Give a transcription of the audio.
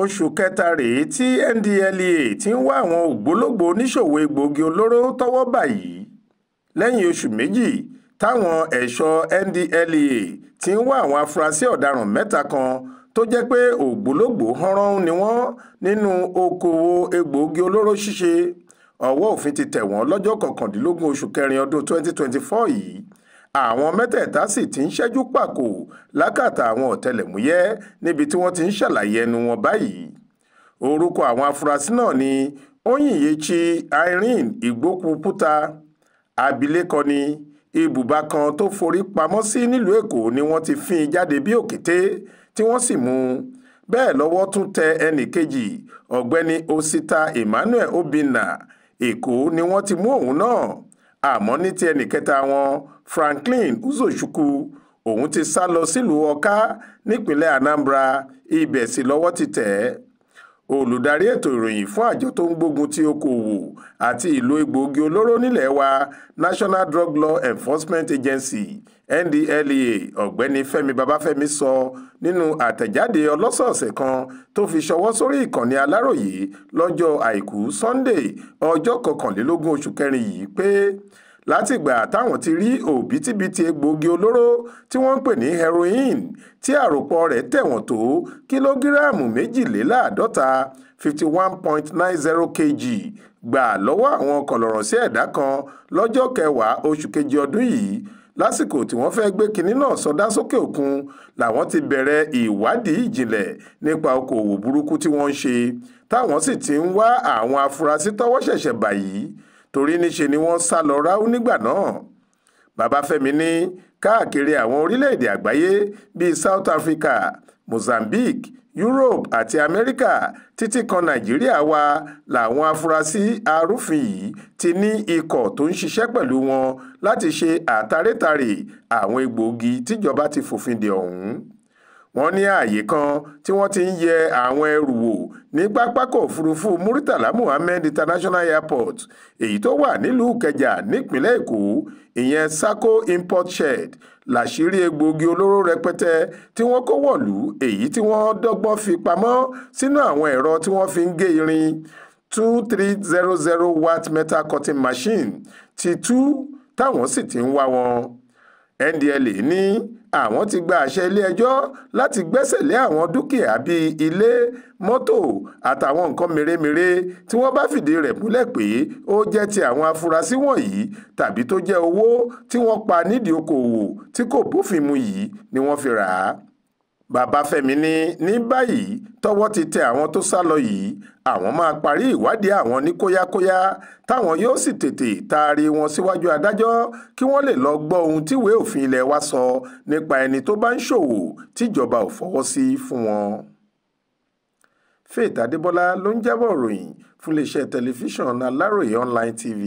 oṣù kẹta rèé tí ndlea ti ń wá àwọn ògbólógbòó oníṣòwò egbòogi olóró tọ́wọ́ bà yìí lẹ́yìn oṣù méjì táwọn ẹ̀ṣọ́ ndlea ti ń wá àwọn afurasí ọ̀daràn mẹ́ta kan tó jẹ́ pé ògbólógbòó hánrán ni wọ́n nínú okòwò egbòogi olóró ṣíṣe ọwọ́ òfin ti tẹ̀ wọ́n lọ́jọ́ kọkàndínlógún oṣù kẹrin ọdún 2024 yìí àwọn mẹ́tẹ̀ẹ̀ta sì ti ń ṣẹ́jú pàkó lákàtà àwọn ọ̀tẹlẹ̀múyẹ́ níbi tí wọ́n ti ń ṣàlàyé ẹnu wọn báyìí orúkọ àwọn afurasí náà ni Onyinyechi Irene Igbokwuputa abilékọ ni ibùba kan tó forí pamọ́ sí nílùú Èkó ni wọ́n ti fín in jáde bí òkété tí wọ́n sì mú un bẹ́ẹ̀ lọ́wọ́ tún tẹ ẹnì kejì ọ̀gbẹ́ni Osita Emmanuel Obinna Èkó ni wọ́n ti mú òun náà àmọ́ ní ti ẹnì kẹta wọn Franklin Uzochukwu òun ti sá lọ sílùú Ọ̀ká nípínlẹ̀ Anambra ibẹ̀ sì lọ́wọ́ ti tẹ̀ ẹ́ olùdarí ètò ìròyìn fún àjọ tó ń gbógun ti okòòwò àti ìlò egbòogi olóró nílẹ̀ wa National Drug Law Enforcement Agency NDLEA ọ̀gbẹ́ni Fẹ́mi Babáfẹ́mi sọ nínú àtẹ̀jáde ọlọ́sọ̀ọ̀sẹ̀ kan tó fi ṣọwọ́ sórí ìkànnì Aláròyé lọ́jọ́ àìkú Sunday ọjọ́ kọkànlélógún oṣù kẹrin yìí pé látìgbà táwọn ti rí òbítíbitì egbòogi olóró tí wọ́n ń pè ní heroin tí àròpọ̀ rẹ̀ tẹ̀wọ̀n tó kìlógíráàmù méjìléláàádọ́ta fifty one point nine zero kg gbà lọ́wọ́ àwọn kọ̀lọ̀rọ̀ sí ẹ̀dá kan lọ́jọ́ kẹwàá oṣù kejì ọdún yìí lásìkò tí wọ́n fẹ́ẹ́ gbé kinní náà sọdá sókè òkun làwọn ti bẹ̀rẹ̀ ìwádìí ìjìnlẹ̀ nípa okòwò burúkú tí wọ́n ń ṣe táwọn sì ti ń wá àwọn afurasí tọ́wọ́ ṣẹ̀ṣẹ̀ bà torí níṣe ni wọ́n sá lọ ráú nígbà náà babafẹ́mi ní káàkiri àwọn orílẹ̀-èdè àgbáyé bíi south africa mozambique europe àti amẹ́ríkà títí kan nàìjíríà wa làwọn afurasí arúfin yìí ti ní ikọ̀ tó ń ṣiṣẹ́ pẹ̀lú wọn láti ṣe àtàrétàrè àwọn egbòogi tíjọba ti fòfin de ọ̀hún wọ́n ní ààyè kan tí wọ́n ti ń yẹ àwọn ẹrù wò ní pápákọ̀ òfurufú Muritala Muhammed International Airport èyí tó wà nílùú Ìkẹjà nípínlẹ̀ Èkó ìyẹn Sako Import Shed làṣírí egbòogi olóró rẹpẹtẹ tí wọ́n kó wọ̀lú èyí tí wọ́n dọ́gbọ́n fi pamọ́ sínú àwọn ẹ̀rọ tí wọ́n fi ń gé irin two three zero zero watt metal cutting machine ti tú táwọn sì ti ń wá wọn. NDLEA ní àwọn ti gba àṣẹ ilé-ẹjọ́ láti gbẹ́sẹ̀ lé àwọn dúkìá bíi ilé mọ́tò àtàwọn nǹkan mèremère tí wọ́n bá fìdí rẹ̀ múlẹ̀ pé ó jẹ́ ti àwọn afurasí wọ̀nyí tàbí tó jẹ́ owó tí wọ́n pa nídìí okòòwò tí kò bófin mu yìí ni wọ́n fi rà á babafẹ́mi ní ní báyìí tọ́wọ́ ti tẹ àwọn tó sá lọ yìí àwọn máa parí ìwádìí àwọn ní kóyákóyá táwọn yóò sì tètè taari wọn síwájú adájọ́ kí wọ́n lè lọ gbọ́ ohun tíwèé òfin ilé wa sọ nípa ẹni tó bá ń ṣòwò tíjọba ò fọwọ́ sí fún wọn. faith adébọlá ló ń jábọ̀ ròyìn fún iléeṣẹ́ tẹlifíṣàn aláròye online tv.